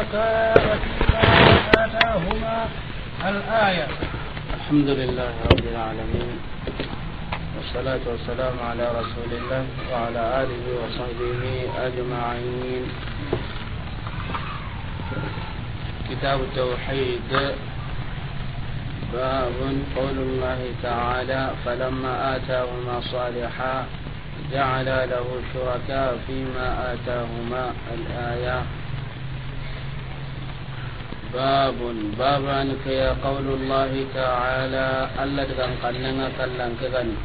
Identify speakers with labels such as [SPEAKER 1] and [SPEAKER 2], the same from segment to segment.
[SPEAKER 1] آتاهما الآية الحمد لله رب العالمين والصلاة والسلام على رسول الله وعلى آله
[SPEAKER 2] وصحبه أجمعين كتاب التوحيد باب قول الله تعالى فلما آتاهما صالحا جعل له شركاء فيما آتاهما الآية باب باب عنك يا قول الله تعالى ألا كان قلنا كلا كغني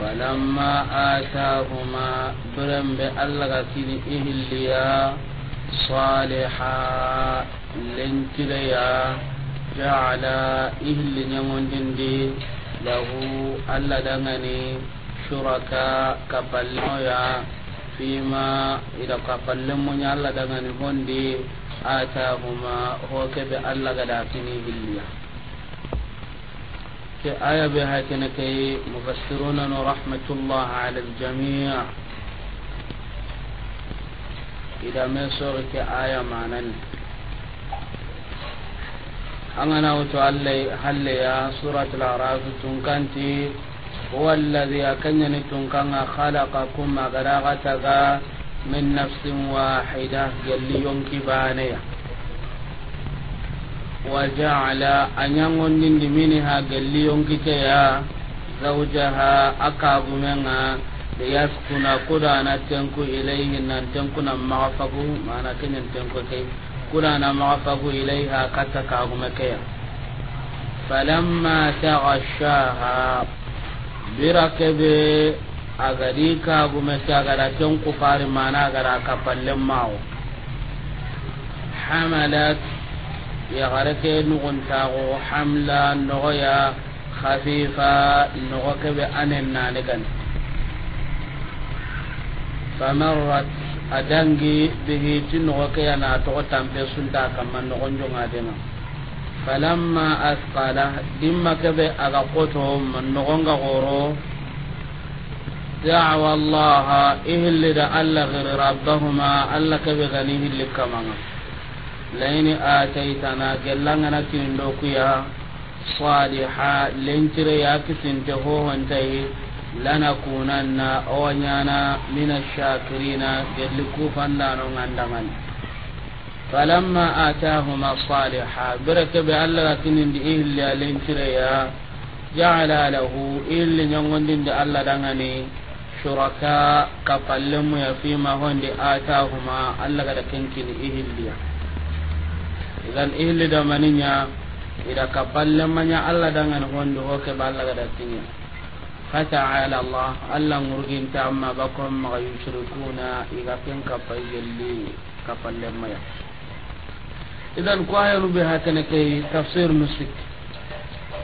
[SPEAKER 2] فلما آتاهما برم بألغ كني إهليا صالحا لنكليا جعل إهل نمون جندي له ألا دغني شركاء كفلنويا فيما إذا كفلنمون ألا دغني هندي atahuma ho kebe allah gada kini hilliya ke aya be ha kene kay mufassiruna no rahmatullah ala aljami' ida me sore ke aya manan angana wato allai halle ya suratul araf tun kanti huwa alladhi akanyani tun kanga khalaqakum magara من نفس واحدة يلي ينكبانيا وجعل أن أنيان منها يلي ينكبانيا زوجها أكاب منها ليسكن قد أنا إليه أن تنكو نمعفقه ما أنا كنن كي قد أنا إليها قد تكاب فلما تغشاها بركبه agadi kagume ke agada ken kufari mana agada kapallen mawo hamalat ya yagare ke tago hamla nogoya khafifa nogo kebe anen nane gani famarrat adangi bihi ti nogo ke yana togo tampe sunta kamma nogonjongadena falamma asqala dimma kebe aga koto man nogonga goro دعوا الله إهل دا الله غير ربهما الله كبغنيه اللي كمانا لين آتيتنا جلنا كندوكيا صالحا لنتري ياكسن تهوه انتهي لنكونن أوانيانا من الشاكرين يدلكو فندانو عندمن فلما آتاهما صالحا برك بألا كنن إهل لين لنتري جعل له إهل نيونغن دي الله دغني شركاء كفلم فيما هند آتاهما ألا قد كنكن إهليا إذا إهل دمانيا إذا كفلم من ألا دعنا هند هو كبالا قد كنيا فتعالى الله ألا مرجين تعمى بكم ما يشركون إذا كن كفيلي كفلم يا إذا كواهر بها كنكي تفسير مسك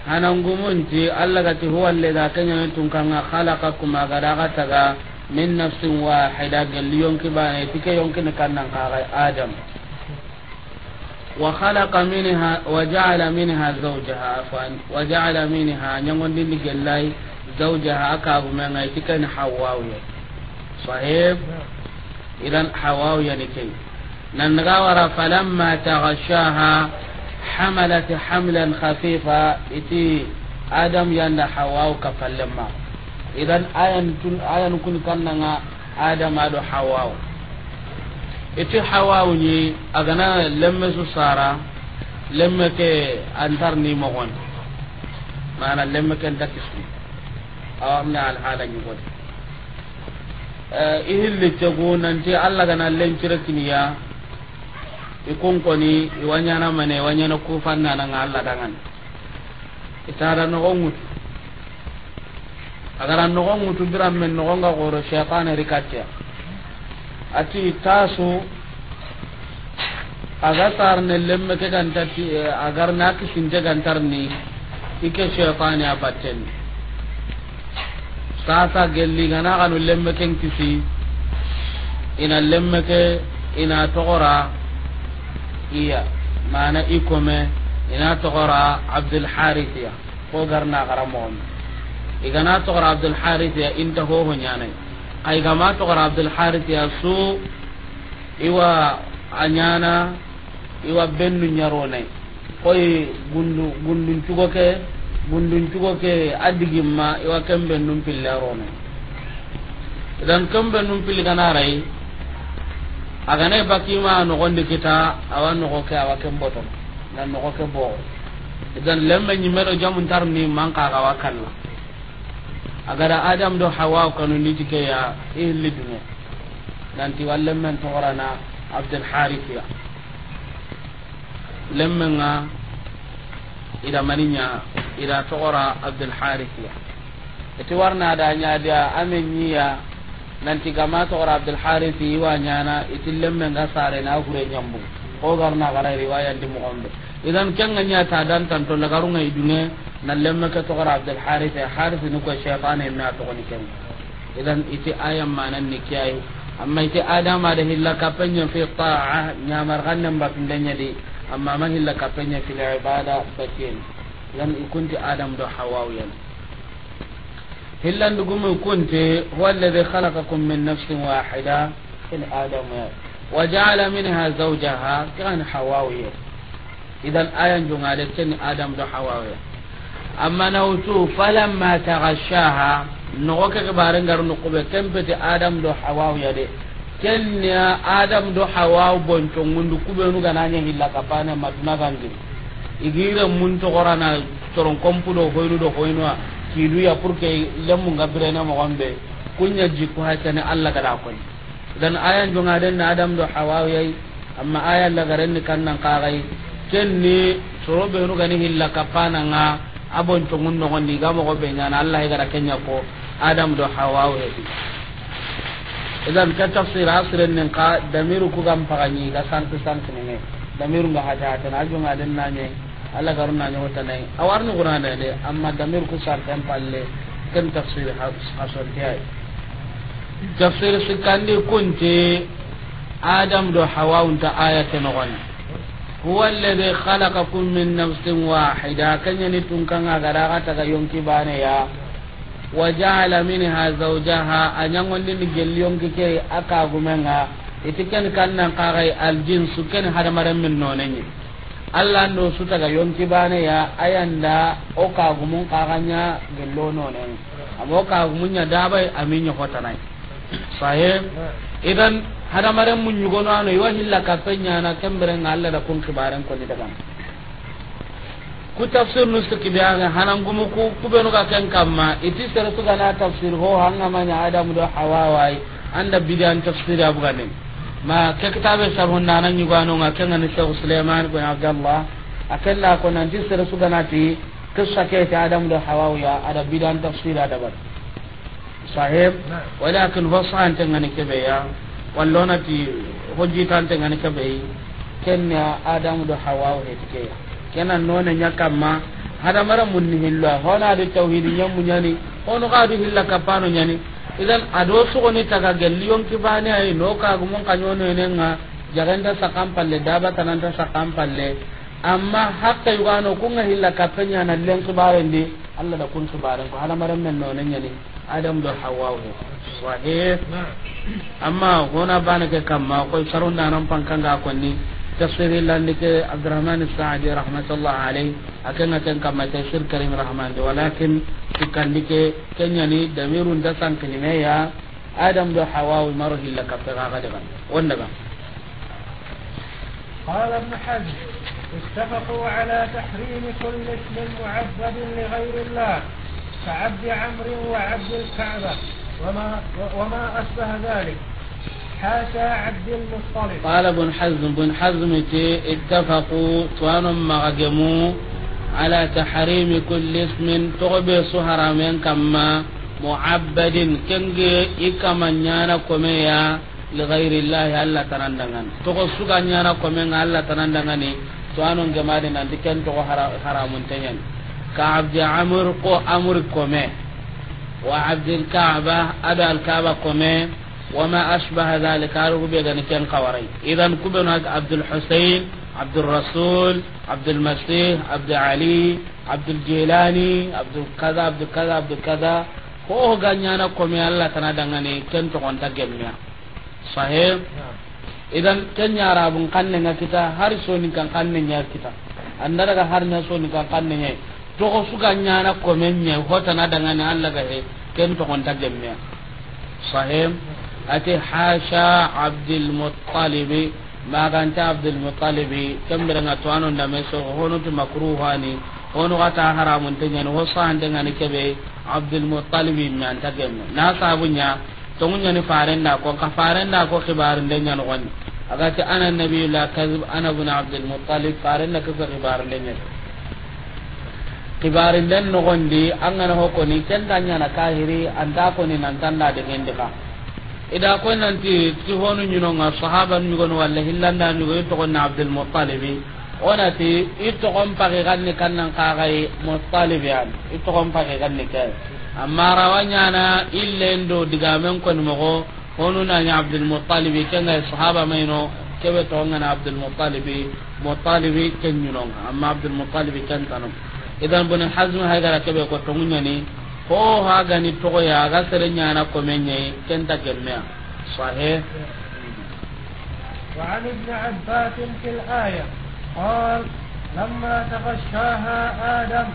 [SPEAKER 2] hanangumunti allah gati huwa alladha kanyani tunkanga khalaqakum agada gataga min nafsin wahida gelli yonki bane tike yonki ne kannan kaga adam wa khalaqa minha wa ja'ala minha zawjaha afan wa ja'ala minha nyangon dindi gellai zawjaha aka gumenga tike ne hawawiya sahib idan hawawiya ne ke nan daga wara falamma taghashaha hamalat hamlan khafifa iti adam yanda hawa ka fallemma idan ayan tun ayan kun kannanga adam ado hawa iti hawa ni agana lemme su sara lemme ke antar ni mogon mana lemme ke ndakisi awamna al hala ni godi ihilli tegu nanti allah gana ikun koni iwanyana mane iwanyana kufanna na nga Allah dangan itara no gongut agara no gongut biram men no gonga goro shaytan rikatya ati tasu aga tarne lemme ke ganta ti agar na ki sinje gantarni ike shaytan ya batten sasa gelli gana kanu lemme ken kisi ina lemme ke ina togora Iyya maana i kome innaa toqoraa Abudul xaaritiyaa koo gar naaqara moomii iga naa toqoraa Abudul xaaritiyaa inta hoho nyaanee ayigaa maa toqoraa Abudul xaaritiyaa suu i waa a nyaanaa i waa benni nyaaroonee fooyi gundu gundu nchugo kee gundu nchugo kee addi gima i waa kambir numpillee aga ne bakima nogondi kita awa nogo ke awa ken boton na nogo ke bogo idan lemme tar ni tarni mankaga awa kalla agada adam do hawa kanu ti keya men to nanti abdul harith ya abdulharithia nga ida maninya ida harith ya eti warna da ñadia amenñiya nanti gama togora abdulharisi iwa ñana itillemmen nga sare na hure ñambu ogarna gara riwayanti mogonɓe idan kenga ñata dan tanto lagarunga idunge na lemme ke togora abdulharisi harisi eh, ni koy eh, cheitane eh, mea ni kenga idan iti ayan manan ni kiyayi amma iti adama da hilla kapenya fi ta'a ñamar gannen batundenya di amma ma hilla kapenya fil ibada batin dan ikunti adam do hawawiyan hillan du gumun kunte wanda zai halaka kun min nafsin wahida in adam ya wa kan hawawiya idan ayan jun alatin adam da hawawiya amma na wutu falan ma ta gashaha nugo ka gabarin garin kube kan adam da hawawiya de ken adam da hawawu bonton wundu kube nu gananya hilla kafana matna igira mun to qorana toron kompudo hoyru do kidu ya purke lemu ngabire na mo gambe kunya jikko hatane alla kada ko dan ayan jo den na adam do hawawi amma aya la garen kannan kagai kenni be ru gani hilla kapana nga abon to mun no ngondi ga mo gobe nyana alla gara kenya ko adam do hawawi idan ka tafsir asirin nan ka damiru ku gam pagani ga santu santu ne damiru ga hata hata na jonga den na ne Allah alla garuna nyogo tanai awarnu guna na de amma damir ku sar kan palle kan tafsir hasan kai tafsir su kandi kunte adam do hawa unta ayate no gani huwa alladhi khalaqakum min nafsin wahida kanya ni tungkan daga ta ga yonki bane ya wa ja'ala minha zawjaha anyan wonni ni gelli yonki ke aka gumenga itikan kan nan kannan kagai aljinsu ken hadamaren min nonenye allah ndo sutaga yonki bane ya ayanda o kagumun kaganya gello nonen amma o kagumunya dabai amin yohotanai sahe idan hadamaren mun yugono ano iwa ka kapenya na kembere nga allah da kun kibaren ko ni daga ku tafsir nus ki biya hanan gumu ku kubenu ka kan kamma iti sere suga na tafsir ho hanga manya adamu da hawawai anda bidan tafsir abugane ma ke kitabe sharhun nana ñugano nga ke ngani cheikh suleiman bin abdallah akella ko nanti sere suganati qissa kete adamu do hawawiya ada bidan tafsir adabat sahib walakin fasante ngani keɓeya wallonati hojjitante ngani keɓeyi kenya adamu do hawawu ya. kenan none ñakkamma hadamara munni hilloa hono adu tawhidi ñammu ñani hono ka adu ka kappano ñani idan ado ni taga gelli yonki bani ay no kagu mun kanyono enenga jaganda sakam palle daba tananta sakam palle amma hakka yugano kunga hilla kapenya na len ndi Allah da kun kibaren ko hala maran men nonen yani adam do hawawu sahih amma gona bana ke kamma ko sarunda nan pankanga konni تفسير إلا أنك عبد الرحمن السعدي رحمة الله عليه أكن كان كما تفسير كريم الرحمن ولكن كان لك كان يعني دمير دسان كلمة آدم دو حواو مره لك كفتغا غدبا ونغا
[SPEAKER 1] قال ابن حزم اتفقوا على تحريم كل اسم معبد لغير الله كعبد عمرو وعبد الكعبة وما وما أشبه ذلك حاشا عبد المطلب قال ابن
[SPEAKER 2] حزم بن حزم اتفقوا توان مغجمو على تحريم كل اسم تغبي سهر من كما معبد كنجي إكما نيانا كوميا لغير الله ألا ترندغن تغو سوغا نيانا كوميا ألا ترندغني توان جمالي نانتي كن تغو حرام تنين كعبد عمر قو أمر كومي وعبد الكعبة أدى الكعبة كومي وما أشبه ذلك أرغب بيغن كان قواري إذا كبناك عبد الحسين عبد الرسول عبد المسيح عبد علي عبد الجيلاني عبد كذا عبد كذا عبد كذا هو غنيانا كومي الله تنا دغني كن تكون تجمع صحيح إذا كن يعرب قننا كتا هاري سوني كان قننا كتا anda daga har na so ni kan kanne ne to ko suka nyana komen ne hota na daga ne Allah ga he ken to kon ta gemme sahem ati hasha abdul muttalib ma ganta abdul muttalib kambira nga tuano ndame so hono to ni hono kata haramun tanya no sande ngani kebe abdul muttalib anta gemu na sabunya tongunya ni faren da ko ka faren da ko khibarin denya no wani agati ana nabiyyu la kazib ana ibn abdul muttalib faren farenda ko khibarin denya khibarin den no gondi angana hokoni kentanya na kahiri anda ko ni nan tanda de gendika ida ko nan ti honu nyino nga sahaba nyugo gon walla hillanda go to ko na abdul muttalib ona ti ito ko mpake ganni nan ka gai muttalib yan ito ko mpake ganni ka amma rawanya na ille ndo diga men kon mo go honu na nya abdul muttalib kenga sahaba maino kebe to ngana abdul muttalib muttalib ken nyuno amma abdul muttalib kan tanu idan bun hazm ha gara kebe ko to ni. ho ha gani togo ya ga sere nyana ko menye kenta kemya sahih
[SPEAKER 1] وعن ابن عباس في الآية قال لما تغشاها آدم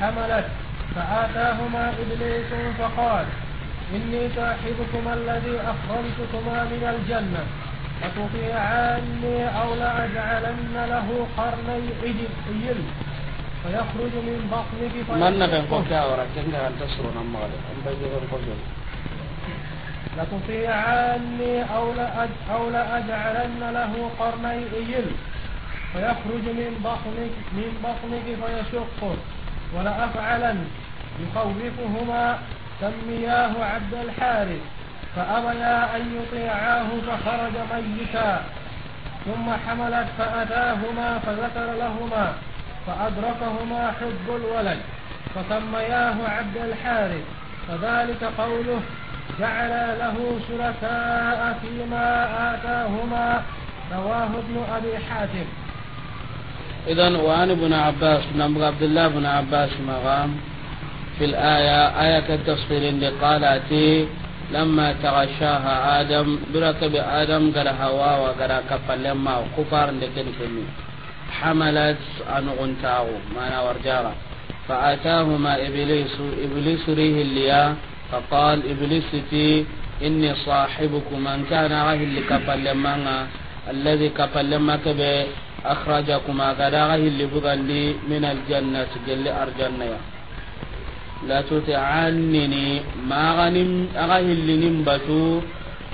[SPEAKER 1] حملت فآتاهما إبليس فقال إني صاحبكما الذي أخرجتكما من الجنة أتطيعاني أو لأجعلن له قرني إجل فيخرج من بطنك بطنه من نغن قوكا
[SPEAKER 2] ورا كنغا أن تسرون نعم أم غالي أم بيجيغن قوكا
[SPEAKER 1] لتطيعني أو لأجعلن له قرني إجل فيخرج من بطنك من بطنك فيشقه ولأفعلن يخوفهما سمياه عبد الحارث فأبيا أن يطيعاه فخرج ميتا ثم حملت فأتاهما فذكر لهما فأدركهما حب الولد فسمياه عبد الحارث فذلك قوله جعل له شركاء فيما آتاهما رواه ابن أبي حاتم
[SPEAKER 2] إذا وعن ابن عباس بن عبد الله بن عباس مغام في الآية آية التفصيل قال أتي لما تغشاها آدم بركب آدم قال هوا وقال كفا لما كفار لكن كنين hamalat anuguntaagu mana warjara faataahuma iblisu iblisu rihilliya faqal iblisiti inni saaxibukum ankaana aga hilli kapallemanga alladi kapallema kebe akhrajakum agada aga hilli bugandi min aljannati gelli arjannaya latutacannini maaganin aga hillinin batu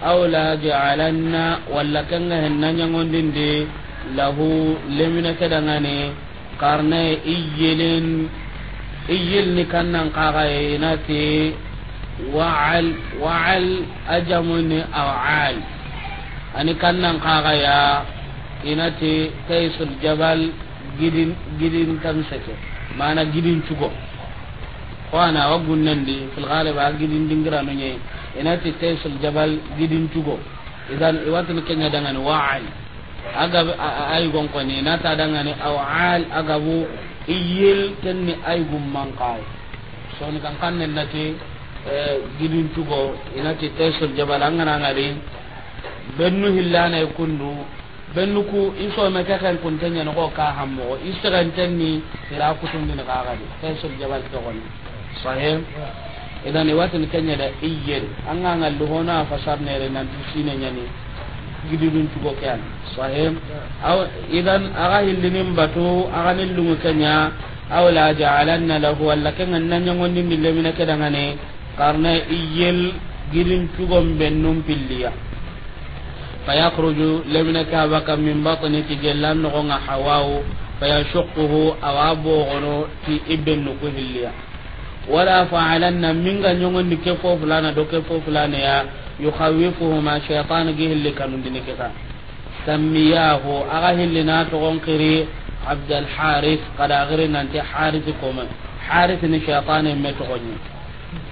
[SPEAKER 2] aw la jacalanna walla kenga henna ñagondindi lahu lemine kedangani karne iyilin iyil ni kannan kaga inati wa'al wa'al ajamuni aw'al ani kannan kaga ya inati kaisul jabal gidin gidin tamsake mana gidin cugo wana wa gunnandi fil ghaliba gidin dingira no nyai inati kaisul jabal gidin cugo idan iwatul kenya waa wa'al aga ay gonko ni na ta danga ni aw al aga bu iyil ni ay gum man so ni kan kan ne nati e, gidin tugo inati tasir jabal an ngana ngari bennu hillana e kundu bennu ku iso me ka kan kun tanya no ka hammo iso kan tanni ira tun ni ka ga tasir jabal to gon sahih idan watin kenya da iyil an ngana lu hona fasar ne re nan tusine nyani gididun cugo ke an sahim aw idan aga hillinin batu aga nillungu kenya aw la ja'alanna lahu wallakin annan nan nyangondi mille mina kedangane karna iyel gidin cugo bennum pilliya fayakhruju lemina ka baka min batni ti gellan no nga hawawu fayashuquhu awabo gono ti ibn ku hilliya wala fa'alanna min nyongon ni ke fo fulana do ke fo fulana ya yukhawifuhuma shaytanu gi hilli kanundini kita sammiyahu aga hillina togon kiri abdul harith kada giri nanti harith koma harith ni shaytanu me togonni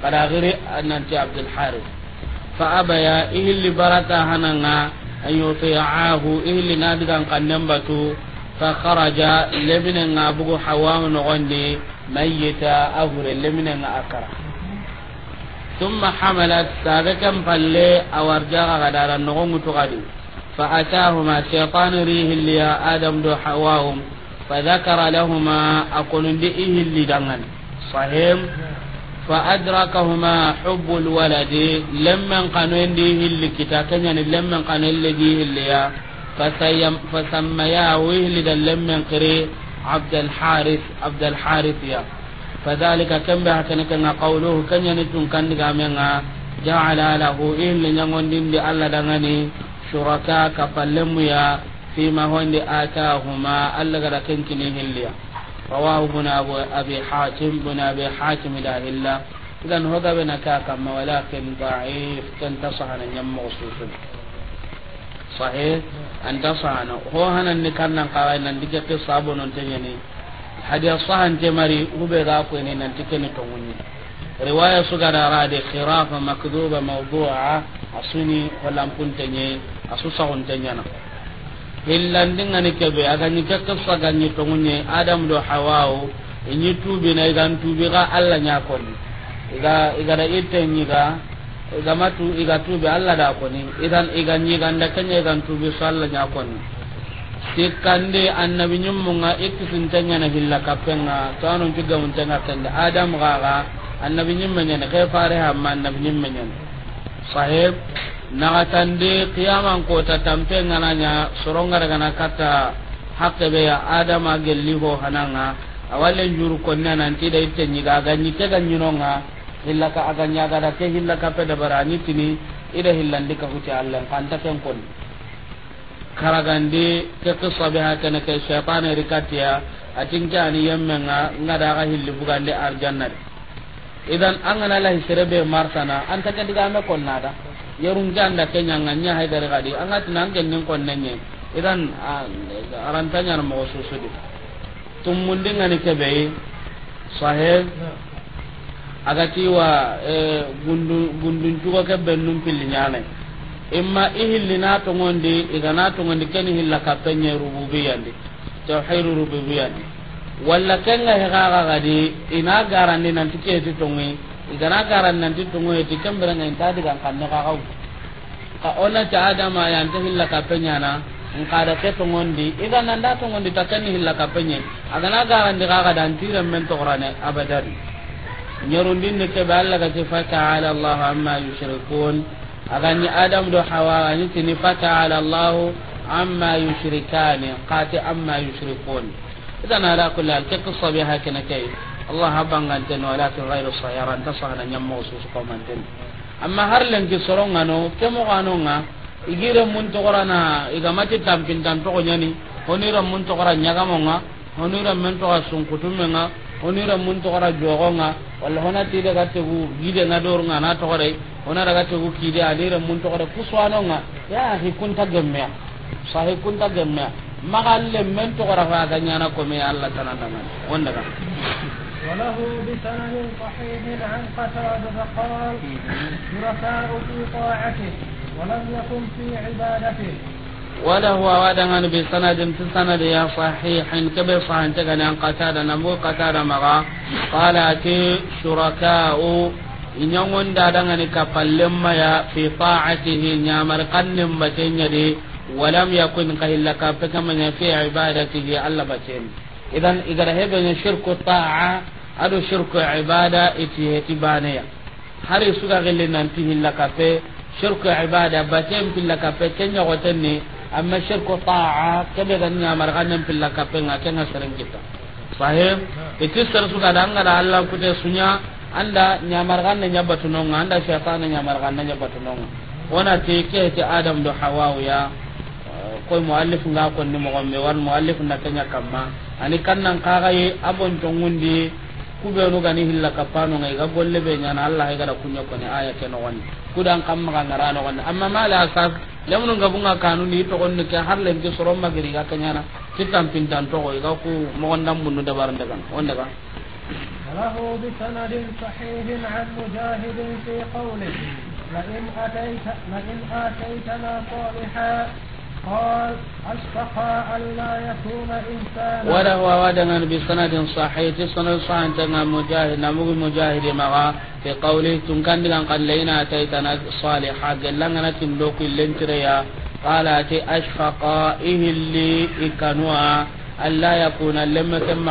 [SPEAKER 2] kada giri nanti abdul harith fa abaya ihilli barata hananga an yuti'ahu ihilli nadigan kannan batu fa kharaja lebinen nga bugu hawa nogondi mayyita ahure lebinen nga akara ثم حملت سابقا فلي أورجاها غدارا نغم تغدي فأتاهما شيطان ريه اللي آدم دو حواهم فذكر لهما أقول دئه اللي دنغن صحيح فأدركهما حب الولد لما قانوا ديه اللي كتاكن يعني لما قانوا اللي ديه اللي فسمياه اللي لما قري عبد الحارث عبد الحارث يا fadhalika kambe hakene kenga qawluhu kanyani tun kandiga menga ja'ala lahu illa nyangondin di alla dangani shuraka ka fallemu ya fima honde atahuma alla gada kenkini hilliya rawahu ibn abu abi hatim ibn abi hatim da illa idan hoga bena ka walakin da'if kan tasahana sahih an tasahana ho hanan ni kawai nan dige tanyani hadiya sahan te mari ube ga ku ne nan tike ne to riwaya su ga dara da khirafa makdhuba mawdu'a asuni walam pun tanye asu sahun tanya na dinga ngani kebe aga ni ke kessa ga ni to munye adam do hawao inyi tubi na igan tubi ga alla nya ko ni iga iga da ite ni ga iga matu iga tubi alla da ko ni idan iga ni nda kanye igan tubi sallanya ko ni sikkandi annabi ñummunga ikkisintengene hilla kappenga toanun cuggamuntenga kende adam gaga annabi ñimmeñene ke fare annabi ñimmeñene sahib nagatandi qiyaman kota tampenganaña sorongaragana katta hakkeɓeya adama gelli ho hananga awalle njuru konne anantida itte ñiga aga ñikkega ka hillaka aga ñagada ke hillaka pedabara añittini ida hillandi ka huti allen kanta ken konni karagandi ke qissa ne hakana ke shaytan rikatiya atin nga yemmenga ngada ga hilli bugande arjanna idan an la lahi serebe martana an ta kadi ga me konnada yarun janda kenya nganya haidare gadi an atin an genyen konnenye idan arantanya mo susudi tumundi ngani kebe sahib agati wa eh, gundun gundu kebe num pilli nyane imma ihillina togondi igana togondi keni hilla kappeñe rububiyandi tawhidu ndi walla kenga gadi ina garandi nanti ke keti iga na garandi nanti togoyeti kemberenga inta digan kanne xaxaw ka onati adama yante hilla kappeñana nkada ke na igananda togondi ta keni hilla kappeñe agana garandi xaxadi antiren men nyarundin ne ke balla ga ci fa ala allahu amma yushrikun agani adam do hawa ni tini fata'ala allah amma yushrikani qati amma yushrikun idan ala kulli hal qissa bi hakina kay allah habangan tan wala ta ghairu sayaran ta sahana nyammo su ko man tan amma har len ki soronga no kemo gano nga igire mun to qorana igamati tampin tan to nyani honira mun to qoranya gamonga honira men to asun kutumenga onira mun togora jogonga walla hona tide ga tegu gide nga dorunga na togore ona daga tegu kide alira mun togore kuswanonga ya hikunta gemme sahi kunta gemme magalle men togora fa ga nyana ko me Allah tananda man wanda ga
[SPEAKER 1] وله بسند صحيح عن قتادة قال شركاء في طاعته ولم يكن في عبادته
[SPEAKER 2] wala huwa wada sanadin tu sanad ya sahihin ka be fahan ta ganan qata da na qata da maga qala ti shuraka'u inyangon da da ngani ka pallem maya fi ta'atihi nyamar kannim ba tenya de walam yakun ka illa ka fa kama ya fi ibadatihi idan idara hebe ne shirku ta'a adu iti baniya har isu ga gelle nan tin illa ka fe shirku ibada ba tin amma shirku ta'a kebe ga nya mar ganan pilla kapenga kenga sereng kita sahib itu ser su da ngala Allah kute sunya anda nya mar ganan nya batunonga anda syaitan nya mar ganan nya batunonga wana te ke te adam do hawa ya ko muallif nga ko ni mo gombe war muallif na kenya kamma ani kan kannan kaga ye abon tongundi kubenu gani hilla kapano ngai ga golle be nyana Allah ga da kunyo kone aya ke no wani kudan kam ma ngara no wani amma mala asas lemun ga bunga kanuni to onne ke har len ke sorom magri ga kanyana kitam pintan to ko ga ku mo ndam bunu da baran daga on daga
[SPEAKER 1] له بسند صحيح عن مجاهد في قوله لئن أتيت لئن آتيتنا صالحا قال أشفق ألا يكون إنسانا وله ودنا
[SPEAKER 2] بسند صحيح سند صحيح تنا مجاهد نمو مجاهد مغا في قوله تنكن لن قد لينا أتيتنا صالحا قال لنا تملوك اللي قال أتي أشفق إيه اللي إكنوا ألا يكون لما كم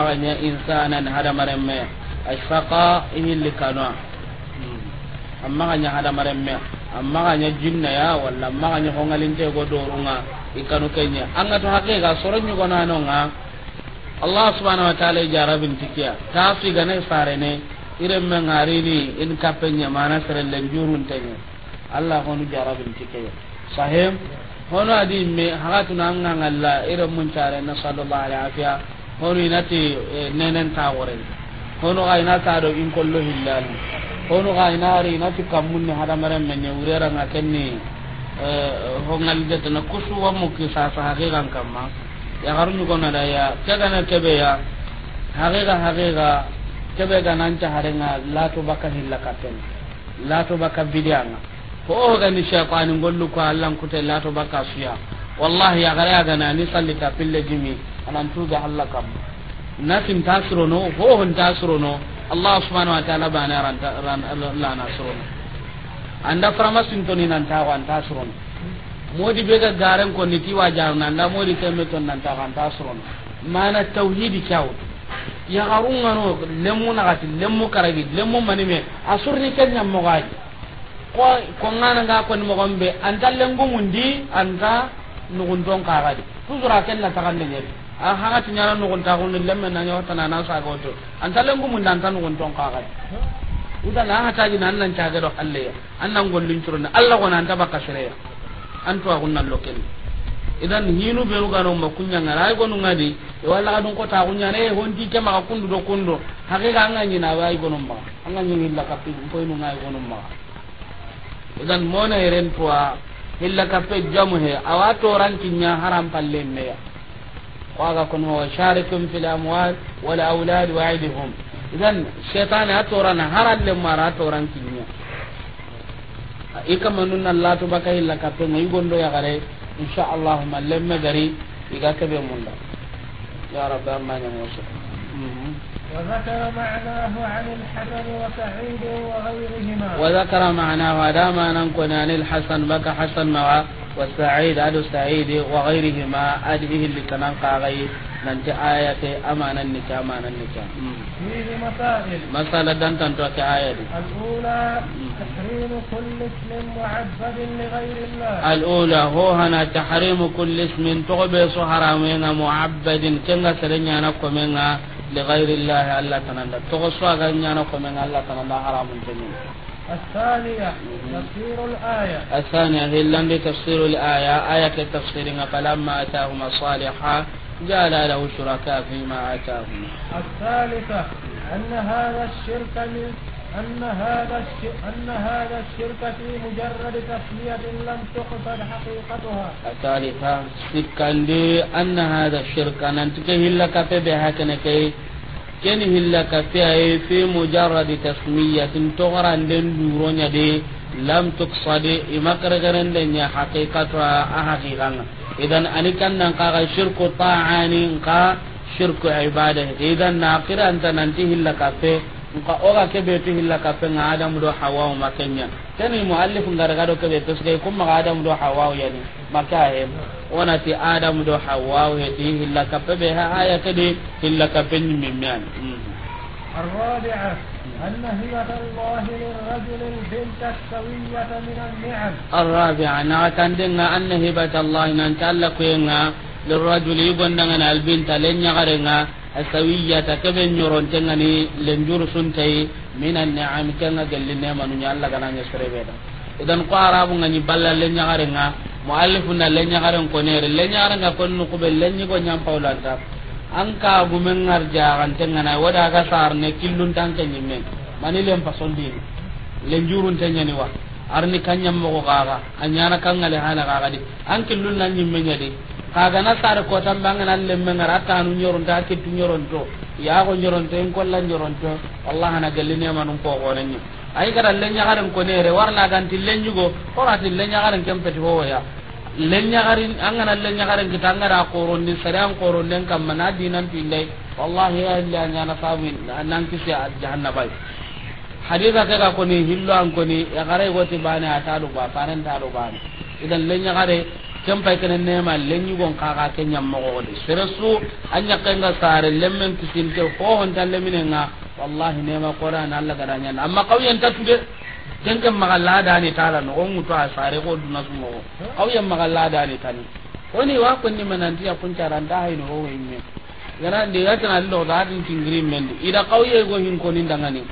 [SPEAKER 2] إنسانا هذا مرمي أشفق إيه اللي كنوا أما غني هذا مرمي amma ga nya jinna ya walla amma ga nya hongalin te go dorunga ikanu kenya anga to hake ga soro nyu gona no nga allah subhanahu wa ta'ala ya rabin tikia ta fi ga nay fare ne iren men ngari ni in kapenya mana seren len jurun tanya allah honu jarabin tikia sahem hono adi me hagatu na anga ngalla iren mun tare na sallallahu alaihi wasallam hono inati eh, nenen tawore hono ga inata do in kollo hillal honu ga inari na ti ne hada mare men ne urera na kenni eh, hongal de na kusu wa mu ki sa sa hage kan kamma ya garu ko da ya ga na kebe ya hage ga hage ga kebe ga nan ta na la to baka hilla katen la to baka bidianga ko ga ni ni gollu ko Allah te la to baka suya wallahi ya gara ga na ni sallita pille jimi anan ga Allah kam na tin tasro no ho hon tasro no allah subhanahu wa ta'ala bana ran la na surun anda farama sintoni nan ta wan ta surun modi be ga garen ko niti wa jarna anda modi kemme ton nan ta wan ta surun mana tauhidi kyawu ya garunga no lemmu na gati lemmu karagi lemmu manime asurni kenya mo gaji ko ko ngana ga ko mo gombe anta lengu mundi anta nugun don ka gadi tuzura kenna tagalle nyeri a hakati nyana no gonta ko ne lemme na nyawta na na sa go to antalen ko mun dan tan gon ton ka ga uda na hata ji nan nan caga do halle an nan gollin turu na Allah ko nan ta baka sire an to agun nan loken idan hinu be ruga no ma kunya ngara ay gonu ngadi e wala dun ko ta kunya ne hon ti ke maka kundu do kundo hakika an nganyi na ay gonu ma an nganyi ka kapi ko inu ngai gonu ma idan mona eren to illa pe jamu he awato ran kinya haram palle ya وهذا كن هو شارك في الأموال والأولاد وعدهم إذا الشيطان أتورا نهارا لما راتورا كدنيا إيكما نن الله تبكى إلا كتن يقول له يا غري إن شاء الله ما لما غري إيكا كبير مندر يا رب أمان يا
[SPEAKER 1] موسى وذكر معناه عن الحسن وسعيد وغيرهما وذكر
[SPEAKER 2] معناه هذا ما ننقل عن الحسن بك حسن معه والسعيد أدو سعيد وغيرهما أدوه اللي تنقى غير ننتي آية أمان النكا أمان النكا
[SPEAKER 1] فيه مسائل
[SPEAKER 2] مسألة دان تنتوك آية دي.
[SPEAKER 1] الأولى تحريم كل اسم معبد لغير الله الأولى هو
[SPEAKER 2] هنا تحريم كل اسم تغبص حرامين معبد كنا سرين ينكو منها لغير الله الله تنالا تغسوا غنيانا كما الله تنالا حرام تنين
[SPEAKER 1] الثانية تفسير الآية
[SPEAKER 2] الثانية هي لم تفسير الآية آية التفسير فلما أتاهما صالحا جعل له شركاء فيما
[SPEAKER 1] آتاهما الثالثة أن هذا الشرك من أن هذا أن هذا الشرك في مجرد تسمية لم تقصد حقيقتها.
[SPEAKER 2] الثالثة سكان لي أن هذا الشرك أن أنت كهلا كفي بها كنكي كن هلا كفي في مجرد تسمية تغران لن دورون يدي لم تقصد إما كرغرن لن حقيقتها أحقيقا آه، إذا أنا كان نقا شرك طاعاني شرك عبادة إذا ناقرا أنت ننتهي لك فيه nka oga kebe to hilla ka penga adam do hawa ma kenya tani muallif ngara gado kebe to sey kuma adam do hawa yani maka he ona ti adam do hawa he ti hilla ka ha aya kede hilla ka penni mimman
[SPEAKER 1] الرابعة أن هبة الله للرجل البنت السوية من النعم
[SPEAKER 2] الرابعة أن هبة الله ننتلق للرجل يقولنا البنت لن asawiyata kebe nyoron tengani lenjuru suntai minan ni'am kenga gelli nema nunya Allah kana nya serebeda idan ko arabu ngani balla le nyaare nga muallifu na le nyaare ko ne le nyaare nga kon nu ko le nyi ko nyam paulanta an ka bu men ja kan tengana wada ga sar ne killun tan ke nyimme mani lem lenjuru lenjurun ni wa arni kanyam mo ko gaga anyana kangale hala gaga di an killun nan nyimme nyadi kaga na sar ko tan bangana lemme rata tanu nyoron da ke tu nyoron to ya ko nyoron to en kollan nyoron to allah na galle ne manum ko ne nan ay gara len garan ko ne re warna gan tillenyu go ora tillenyu garan kem peti ho ya lenya garin angana lenya garan gara ko ron ni sarang ron den kam nan dinan pindai allah ya nya na sabin nan kisi jahannabai hadiza ke ga ni hillo an ni ya gare ti bana ta do ba panen ta do ba idan lenya gare kem pay kene nema lenyu gon kaka kenya mogo de seresu anya kenga sare lemmen tisin ke ho hon tallemine nga wallahi nema qur'an alla garanya amma kawiyan tatude kenke magalla dani tala no on mutu asare ko duna sumo qawiyan magalla dani tani woni wa ko ni mananti ya kun caran da hayno ho wenne gara de yatan allo da din tingri men ida qawiyan go hin ko nin dangani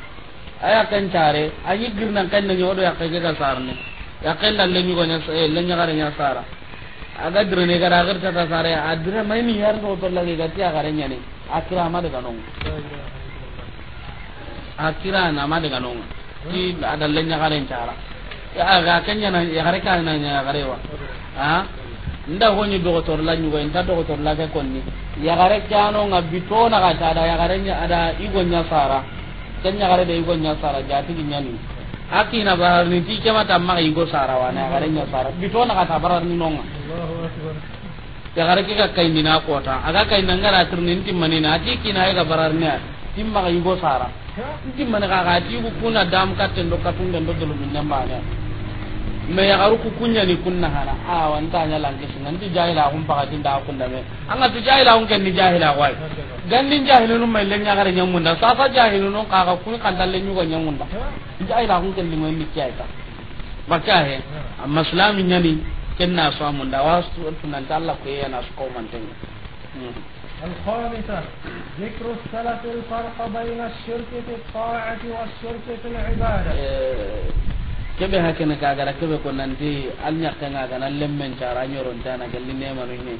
[SPEAKER 2] aya kan tare ayi girna kan nyodo ya kage ga sarne ya kan lenyu nyugo nya eh, lenya garanya sara aga dirne gara agar tata sare adira mai mi yar do to lagi gati agare nyane akira ma de kanong akira na ma de kanong ti ada lenya garen cara ya aga kenya na ya gare kan na ya gare wa ha nda honi do to la nyugo nda do to la ga konni ya gare kano nga bitona ga tada ya gare nya ada igonya sara kenya gare da igonya sara jati nyani akina barar ni ti kema tamma yi go sarawana gare nya sara bitona ka tabarar ni nonga ya gare ke ka kai mina kota aga kai nangara turni timmani na ti kina ga barar ni timma ga yi go sara timma ga ga ti ku kuna dam katten do katun den do dulu min nyamba ne me yagaru ku kunya ni kunna hana a wanta nya lanke sun nanti jahila kun pakatin da kun da me an ga jahila kun ken ni jahila wai jahilun mai gare nyamun da sa sa jahilun ka ka kun kan dalle nyugo nyamun da jahila ni mai ni kiyai ta he amma islamin nyani ken na so amun da wasu tunan da Allah ko yana su ko man
[SPEAKER 1] الخامسة ذكر السلف الفرق بين الشرك في الطاعة والشرك في العبادة
[SPEAKER 2] kebe hakene ka gara kebe ko nanti al nyakka nga gana lemmen cara nyoron tana galli ne manu ne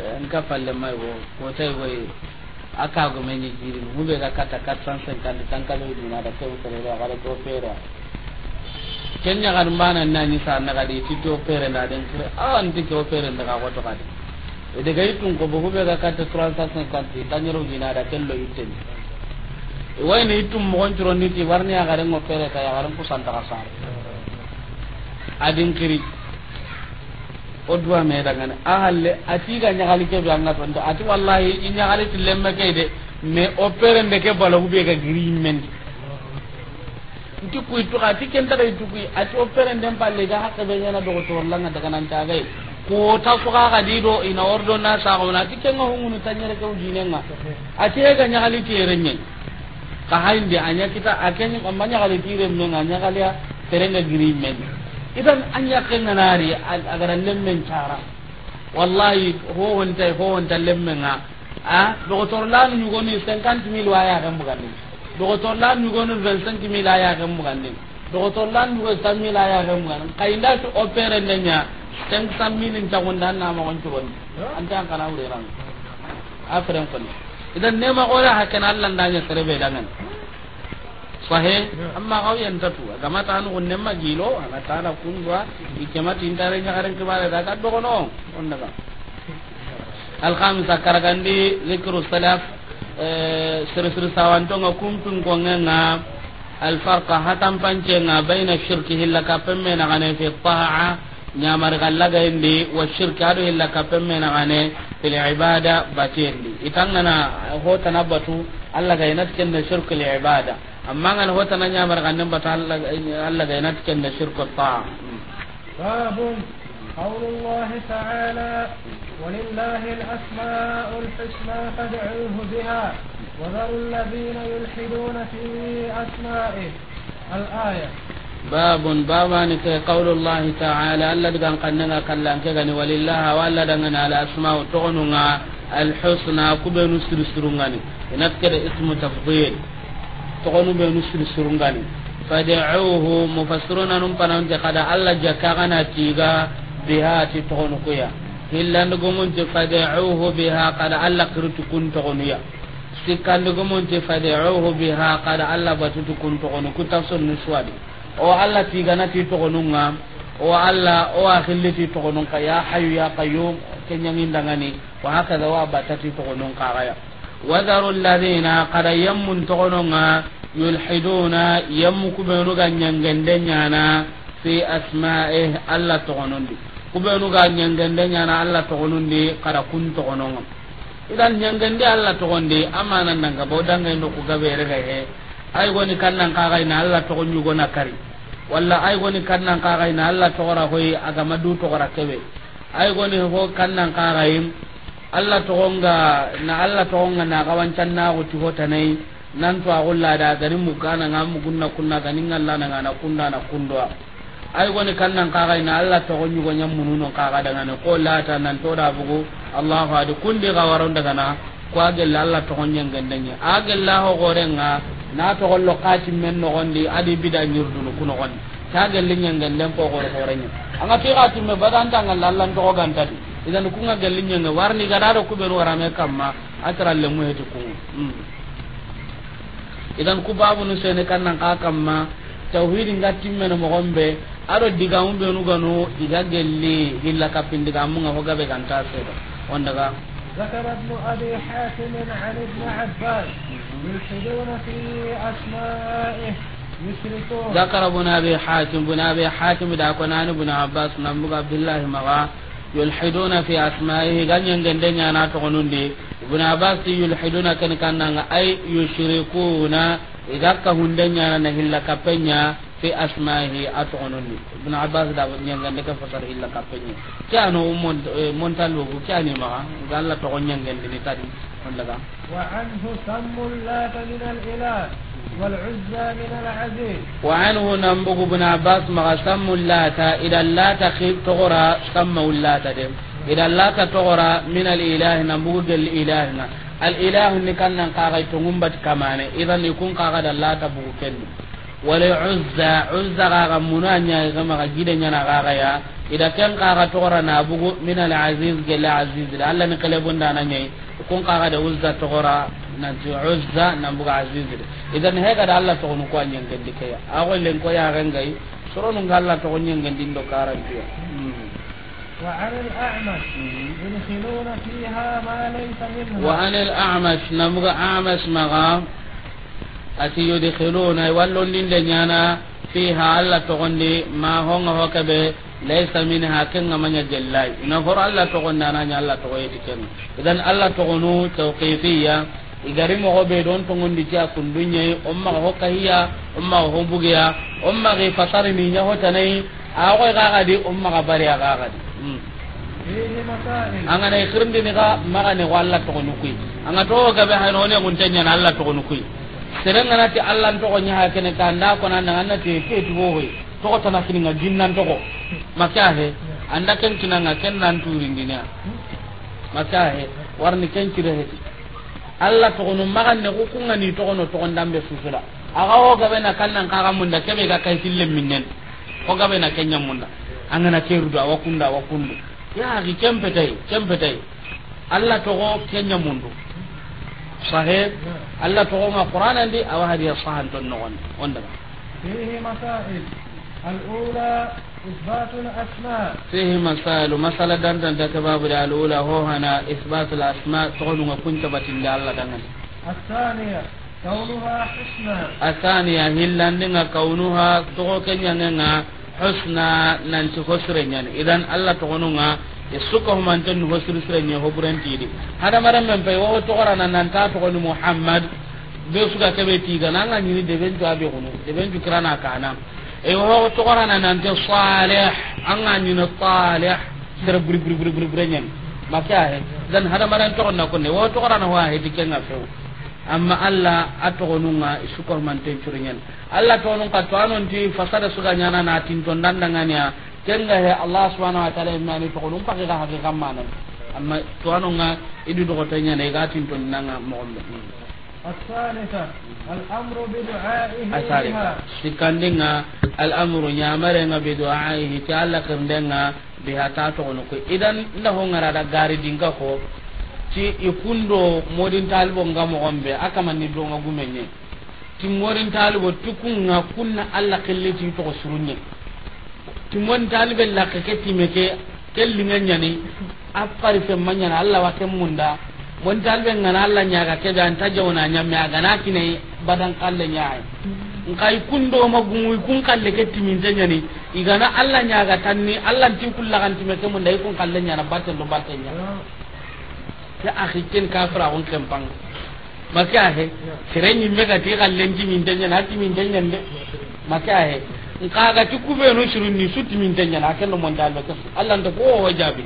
[SPEAKER 2] en eh, ka palle mai wo ko tay boy aka go men ni jiri mu be ga kata katan sen kan tan ka lu dina da ko sere da gara ko fera kenya kan bana nan ni sa na gadi ti to fere na den kire an ti ko fere da ga wato kadi e de ga itun ko bo be ga kata 350 tan nyoro dina da kello itten wayni itum mogon curonditi warni yagaren go pere ka yagaren kusantaka sare adin kiri o oh, duwa me dangane a ah, halle ati ga nyagali ke be anga tonto ati wallahi i nyagali tilemme ke de me o pere nde ke balo be ga giri mendi nti kuy to ati ken daga itu kuy ati o pere ndem palle ga hakka be nyana do to langa daga nan ta gai ko ta ko ga ga dido ina ordo na sa ko na ati ken ho ngunu tanyere ke ujinenga ati ga nyagali ti erenye kahayndi anya kita akhirnya amanya kali tire men kali ya terenga giri men idan anya kenga nari agar lemmen cara wallahi hoon wonta hoon wonta lemmen ha a dogotor lan nyugoni 50 mil waya kan bugandi dogotor lan nyugoni 25 mil aya kan bugandi dogotor lan nyugoni 100 mil aya kan bugandi kainda tu opere nenya 500 mil in tagonda na ma gonto gon anta kana wure ran afren kone idan nema gola hakan Allah ndanya serebe dangan sahe amma kaw yan tatu agama ta anu kunne ma gilo ana ta na kunwa ikema tindare nya karen kibare da ka dogo no onda ka al khamisa karagandi zikru salaf eh, sir sir sawan to nga kumpun ko nga al farqa hatam pance nga baina shirki hilla pemme na ngane fi nyamar galla ga indi wa shirka ado illa kapen mena ane fil ibada batendi itanga na hota na batu alla ga inat ken na shirku li ibada amma ngan hota na nyamar ganne batu alla ga inat ken na shirku ta
[SPEAKER 1] babun قول الله تعالى ولله الأسماء الحسنى فادعوه بها وذروا الذين يلحدون في أسمائه الآية
[SPEAKER 2] babun babani ke qaulullahi ta'ala allah digan kannenga kallan ke gani walillahi wa allah dangan ala asma'u tughununga alhusna kubenu sirsurungani inat kede ismu tafdhil tughunu benu sirsurungani fad'uhu mufassiruna num panan te kada allah jakagana tiga biha ti tughunu kuya hillandu gumunti fad'uhu biha kada allah kirtu kun tughunuya sikkandu gumunti fad'uhu biha kada allah batutu kun tughunu kutafsir nuswadi o alla tigana ti togonunga o alla o akhilli ti togonunga ya hayu ya qayyum kenyangin dangani wa hakaza wa batati togonunga gaya wadaru alladhina qad yammun togonunga yulhiduna yammu kubenu ga nyangende nyana fi asma'ih alla togonundi kubenu ga nyangende nyana alla togonundi qada kun togonunga idan nyangende alla togondi amana nanga bodanga ndo ku gabere he ay goni kannan kaga ina alla togon gona na kari walla ay goni kannan kaxay na allah togora hoy madu du togora keɓe ay goni ho kannan kaxayim allah togonga na allah togonga na nan da garin mu kana gani mu gunna kunna gani ngallananga na kunda na kundoa ay goni kannan kaxay na allah togo ñugoña mununon daga ne ko lata da bugu allahu adi kundi daga na. ko agella allah togonñangandanye agella hogorenga na togollo kati men nogondi adi bida ñirdunu ku nogondi ta gelle ñanganden pogoro horeña anga ti katimme badantangalla allah ntogo gantadi idan kunga gelle ñanga warni gadado kuɓenu warame kamma ataralle muheti kunga hmm. idan ku babunu sene kannan ka kamma tawhidi ngattimmene mogonɓe aɗo digamu ɓenu gano iga gelle hilla kappindigamunga hogaɓe ganta seeɗa on daga
[SPEAKER 1] ذكر ابن أبي حاتم عن ابن عباس يلحدون في أسمائه يشركون ذكر ابن
[SPEAKER 2] أبي حاتم ابن أبي حاتم إذا كنا ابن عباس نمك عبد الله مغا يلحدون في أسمائه قال ينجندن أنا تغنون ابن عباس يلحدون كان كان أي يشركون إذا كهندن دنيا نهلا كبنيا fi asmahi atonuni ibn abbas da nyanga ndeka fasar illa kapenyi kyano e, montalo ku kyani ma galla min
[SPEAKER 1] al ilah wal uzza min al aziz wa
[SPEAKER 2] anhu nambu ibn abbas ma samul lat ila lat khil tughra samul lat de ila lat tughra min al ilah nambu gel ilahna al ilah ni kannan kaga to ngumbat kamane idan ni kun kaga da lat bu kenni wala uzza uzza gaga munanya ga maga gide nyana gaga ya ida ken kaga togora na bugu min al aziz gel aziz alla ni kale bonda na nyai kun kaga da uzza togora na ju uzza na buga aziz idan he ga alla to ko anyen gedde ke ya ago len ko ya rangai soro nun alla to kun nyen gedde ndo karan tiya
[SPEAKER 1] وعن الأعمش يدخلون فيها ما ليس منها وعن الأعمش نمغ
[SPEAKER 2] أعمش مغام ati yudkhiluna wallondin ninde nyana fiha alla togondi ma honga hokabe laysa minha kenga manya jellai ina hor alla togonna Allah alla togoyeti ken idan alla togonu tawqifiya igari mogo be don tongondi ja kundunya umma hokahiya umma hombugiya umma ge fasari ni nya hotanai ago ga ga di umma ga bari ga ga di
[SPEAKER 1] hmm. angana ikirndi ni ga
[SPEAKER 2] magane walla togonu kui anga to ga be hanone Allah alla togonu kui serengana ti allah ntogo nyaa kene ta nda ko nan nan nati ke ti ho ho to ko na kininga jinnan to ko maka he anda ken kinanga ken nan turinginya maka he warni ken kire he allah to kono magan ne ko kunga ni to kono to ndambe susula aga ho gabe na kan kannan kaga munda kebe ga kai tille nen ko gabe na kenya munda angana keru da wakunda wakundu ya ri kempetai kempetai allah to ko kenya mundu sahe Allah to ma qur'ana ndi awa hadiya sahan ton no on onda ba
[SPEAKER 1] fihi masail al ula isbatul asma
[SPEAKER 2] fihi masail masala dan dan da babu da al ula ho hana isbatul asma to no ma kunta batin da Allah dan
[SPEAKER 1] asaniya kaunuha husna
[SPEAKER 2] asaniya hillan dinga kaunuha to ko kenya nan idan Allah to no nga e suka humante nugo sirisire ñe hoɓurentiidi hadamaren men pay wowo togorana nanta togoni muhammad be suga keɓe tigana anga ñini deɓencu aɓe ju deɓencu kirana kana e wowo togorana nante saleh anga ñina saleh sere buri buri buri buri bure ñen make a he dan hadamaren togonna konne wowo togorana ho a heti kenga fewu amma allah a togonunga suka humanten curiñen allah togonun ka to anonti fasada suga ñana natinto dandangania kenga he allah subhanahu wa ta'ala imani to kulum pakka hakki kamana amma to anonga idu do tanya ne ga tin ton nanga mo
[SPEAKER 1] الثالثة الأمر
[SPEAKER 2] ikundo modin nga mogonbe akama ni donga gumenye ti modin kunna allah kelli ti to surunye timon talibe la ke ke time ke kelli nganyani afari fe manyana alla wa kem munda mon talibe ngana alla nyaga ke dan tajawna nyamme aga na kine badan kalle nyaay ngai kundo magungu kun kalle ke timin nyani igana alla nyaga tanni alla tin kullagan time ke munda ikun kalle nyana batte do nya ya akhi ken kafra on kempang maka he sere nyimme ga ti kalle nyimin tanyana timin tanyande maka he nkaga ti no shirin ni suti min tanya na kan mon dalbe kas Allah nda ko wa jabi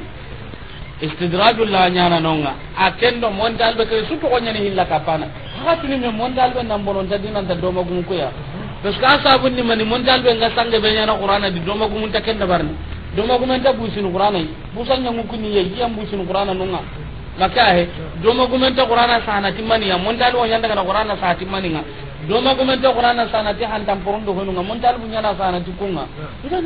[SPEAKER 2] istidrajul la nyana nonga a kenno mon dalbe kas suto ko nyani hilla kapana ha tuni me mon dalbe nan bonon tadi nan da doma gum ko ya bas ka sabun ni mani mon dalbe nga sange be nyana qur'ana di doma gum ta kenno barni doma gum ta busin qur'ana busan nyangu kuni ye yam busin qur'ana nonga maka he doma gum ta qur'ana sana timani ya mon dalbe nyanda kana qur'ana sa timani nga do ma ko menta na sana ti han tampurun do hununga mun talbu na sana ti kunga idan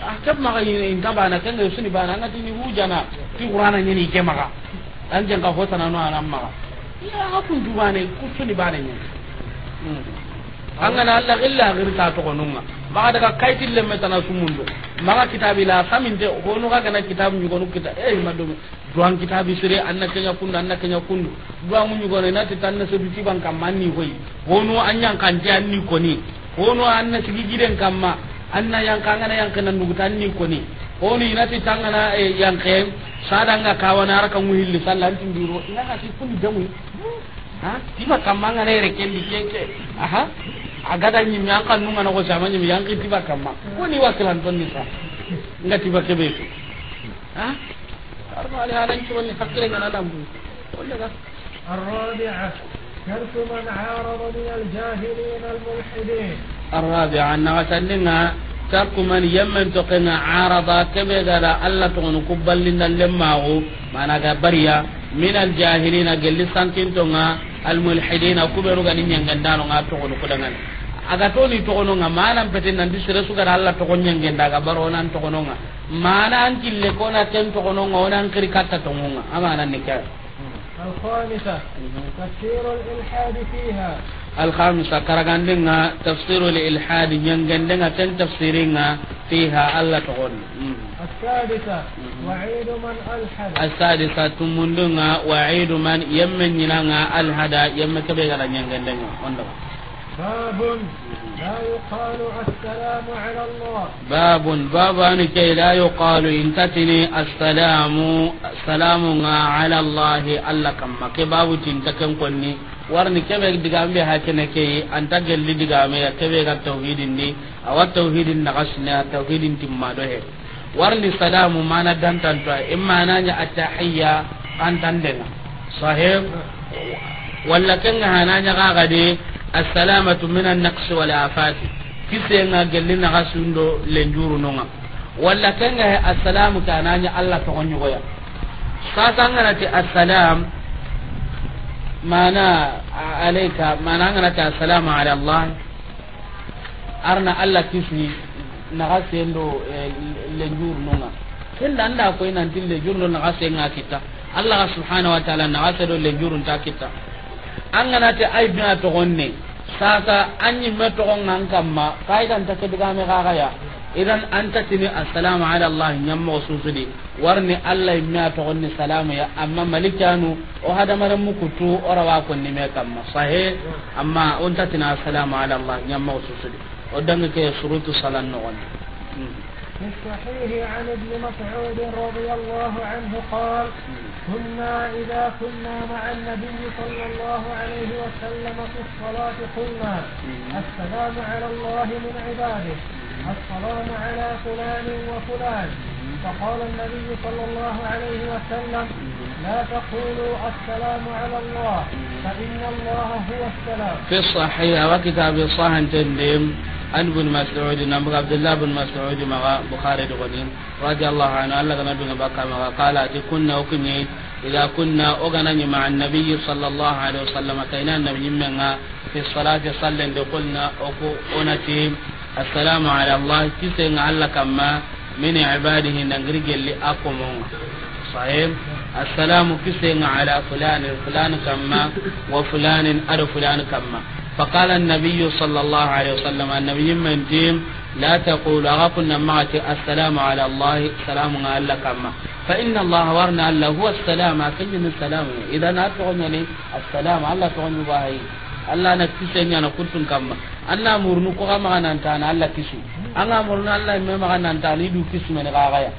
[SPEAKER 2] akab ah, ma ga yin ta bana kan da suni bana ngati ni hujana ti qur'ana ni ni ke maga an janga ho sana no anan maga ya ku dubane ku suni bana hmm. ni an kana Allah illa ta to konunga maka daga kaiti lemme tana sumundo maka kitabi la saminte hono ka gana kitabu nyugonu kita eh madomi duang kitabi sire anna kenya kundu anna kenya kundu duang nyugonu inati tanna sedu tiban kamani hoyi hono anyang kanti anni koni hono anna sigi giden kamma anna yang kangana yang kena nuguta ni koni honu inati tangana e eh, yang kem sadanga kawana araka muhilli sallan tindiro inaka sikundi jamu ha tiba kamanga ne rekendi keke aha agada ñim yan kan nunga na ko sama ñim yan ki tiba kamma ko ni wakilan ton ni ko
[SPEAKER 1] ni hakkere ngana dam bu ko daga arrabi'a tarku man ha'arada min al-jahilin
[SPEAKER 2] al-mulhidin arrabi'a anna man yamman tuqina arada kebe gala alla ton ko ballinda lemmaago mana ga bariya min al-jahilin gelli almulhidina kuɓenu gani ñangandano nga togonu kuɗangani aga to ni togononga manan pete nandi sere sugara allah togon ñangendaga bara onan togononga mana an kille kona ken togononga onan kiri katta togonga amanan ni kea
[SPEAKER 1] الخامسة تفسير الإلحاد فيها
[SPEAKER 2] الخامسة كرغاندنا تفسير الإلحاد ينغندنا تن تفسيرنا فيها الله تقول
[SPEAKER 1] السادسة وعيد من ألحد السادسة
[SPEAKER 2] تمندنا وعيد من يمن ينغا ألحد يمن كبيرا ينغندنا
[SPEAKER 1] باب لا يقال السلام على الله
[SPEAKER 2] باب باب أنكي لا يقال إن كتني السلام سلام على الله ألا كما كباب تنتكم كني warni kebe digame hakene ke anta gelli digame ya kebe ga tauhidin ni awa tauhidin na kasna tauhidin timma do he warni salamu mana dantan to imma nanya atahiyya antan dena sahib walla kenga hananya ga gade assalamatu min naqs wal afat kisenga na hasundo no nga walla kanga assalamu tananya allah to gonyo ya sasa ngarati assalam mana alayka mana ngarati assalamu ala allah arna allah kisni le njuru no nga kenda anda ko ina ndille no na hasenga kita allah subhanahu wa ta'ala naga le njuru ta kita an gana te ay bina ne sasa an yi me togon an kamma kai dan ta kediga me kaga ya idan an ta tini assalamu ala allah nyamma susudi warni allah yi me togonne salamu ya amma malikanu o hada maran mukutu orawa ne me kamma sahe amma an ta tini assalamu ala allah nyamma susudi o dangi ke surutu salan no on hmm.
[SPEAKER 1] في الصحيح عن ابن مسعود رضي الله عنه قال كنا إذا كنا مع النبي صلى الله عليه وسلم في الصلاة قلنا السلام على الله من عباده السلام على فلان وفلان فقال النبي صلى الله عليه وسلم لا تقولوا السلام على الله فإن الله هو السلام في الصحيح
[SPEAKER 2] وكتاب الصحيح تندم عن بن مسعود نبغى عبد الله بن مسعود مع بخاري الغنيم رضي الله عنه قال لك بن بقى قال اتي كنا وكني إذا كنا أغنني مع النبي صلى الله عليه وسلم كينا النبي منا في الصلاة صلى قلنا اوكو أنتي السلام على الله كيسين على كما من عباده نغري جل أقومون صحيح السلام كسين على فلان فلان كما وفلان أر فلان كما فقال النبي صلى الله عليه وسلم النبي من جيم لا تقول أغفنا معك السلام على الله سلام على كما فإن الله ورنا الله هو السلام أكلنا السلام إذا أتغنى السلام على تعني باهي allah na kise nyana kutun kamma allah murnu ko kama nan ta na allah kisu allah murnu allah me ma nan ta ni du kisu me ne ga ga ya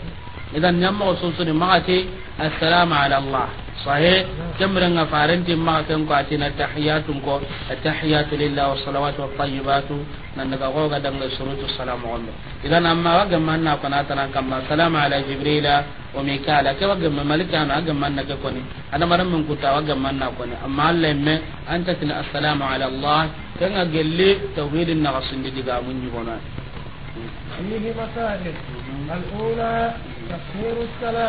[SPEAKER 2] idan nyamma so so ni ma ate assalamu ala allah sahe kemren nga faren tim na kana tan kan ma salamu ala jibril wa mikal ala allah kan ga
[SPEAKER 1] gelle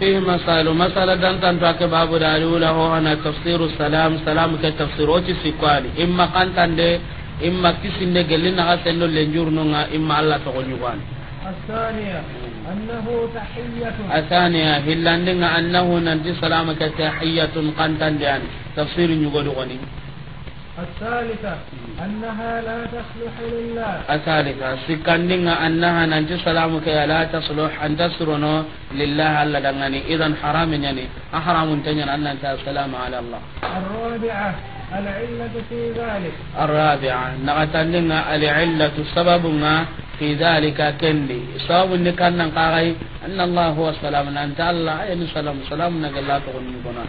[SPEAKER 2] فيه مسائل مسألة دانتان تاك باب دالو له أنا تفسير السلام سلام كتفسير وتي سيكوالي إما قانتان دي إما كسين دي قلنا أسنو لنجور نونا إما الله تقول يقال
[SPEAKER 1] الثانية أنه تحية
[SPEAKER 2] الثانية هلا أنه ننتي سلامك تحية قانتان دي تفسير يقول غني
[SPEAKER 1] الثالثة أنها لا تصلح لله
[SPEAKER 2] الثالثة سكندنا أنها ننجي سلامك لا تصلح أن تسرنا لله ألا دغني إذا حرام يعني أحرام تنين أن أنت السلام على الله
[SPEAKER 1] الرابعة العلة في ذلك
[SPEAKER 2] الرابعة نغتندنا العلة السبب في ذلك كندي سبب قاغي أن الله هو السلام أنت الله أين السلام سلام نجلاته لا تغني الخامسة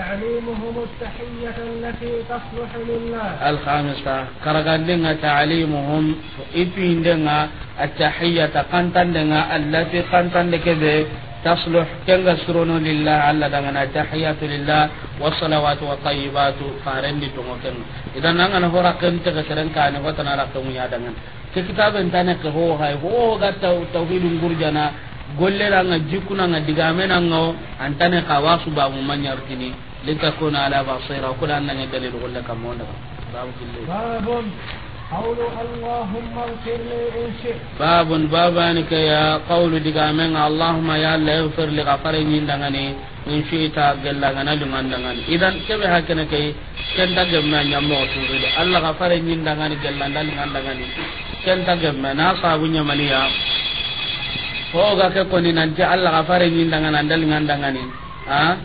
[SPEAKER 1] تعليمهم التحية التي تصلح لله
[SPEAKER 2] الخامسة كرغان تعليمهم إفين لنا التحية قنطن لنا التي قنطن لكذا تصلح كنغا سرون لله على دعنا تحية لله والصلوات والطيبات فارن لتمكن إذا نحن نعم هو رقم تغسرن كان وتنا رقم يادنا في كتاب انتنا هو هاي هو غا توحيد غرجنا golle da nga jikku na nga digame na nga antane khawasu ba mu manyar kini linka ko na ala ba sayra ko da nan ne dalil golle kamonda
[SPEAKER 1] babu kille babun qawlu allahumma ighfir li insi
[SPEAKER 2] babun babani ka ya qawlu digame nga allahumma ya allah ighfir li ghafari ni ndanga ni insi ta galla dum ni idan ke be hakene na nyamo to de allah ghafari ni ndanga ni galla ndanga ni ken na hoga ke koni nanti allah ga fare ni ndanga nan dal ngan ndanga ni ha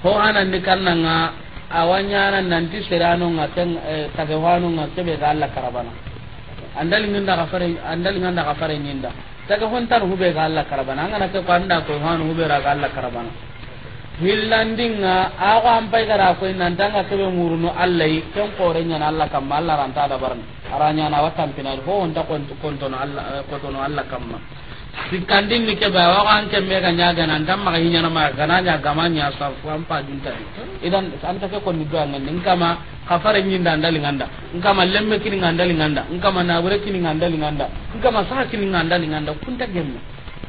[SPEAKER 2] ho anan ni kannanga awanya nan nanti serano ngaten eh, tagawano ngakebe ga allah karabana andal ngi ndaga fare andal ngi ndaga fare ni nda daga hon tar hube ga allah karabana ngana ke ko anda ko hanu hube ra ga allah karabana hillandinga ako ampai gara ko nantanga muru muruno allah yi ken kore nyana allah kamma allah ranta da barni aranya na watan pinal ho on ta kon kon allah eh, ko allah kamma sikkandin ni ke ba wa an ke me ga nya gana nan dan ma hinya na ma ga na nya ga sa fu an pa dun idan an ta ke kon ni doan nan ma kafare nyin dan dal nganda ma lemme kini nganda nganda ma na bure kini nganda nganda ma sa kini nganda nganda kun ta gemme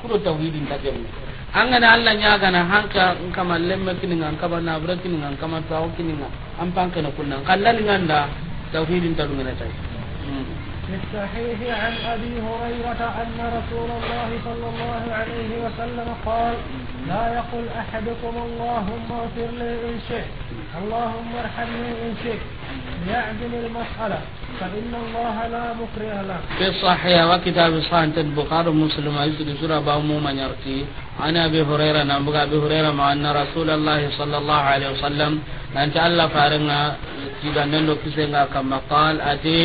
[SPEAKER 2] do tauhidin ta gemme an ga Allah nya ga hanka hanka ma lemme kini ngan kama na bure kini ngan kama tawo kini ngan an pan kana kunnan kan dal nganda tauhidin ta dun na tai
[SPEAKER 1] في الصحيح عن ابي هريره ان رسول الله صلى الله عليه وسلم قال لا يقل احدكم اللهم اغفر لي ان شئت اللهم ارحمني ان شئت ليعدل المساله فان الله لا مكره له. في الصحيح
[SPEAKER 2] وكتاب صحيح البخاري ومسلم يسجد سوره بعموم يرتي عن ابي هريره نعم ابي هريره مع ان رسول الله صلى الله عليه وسلم ان تالف فارنا اذا نلو كما قال اتي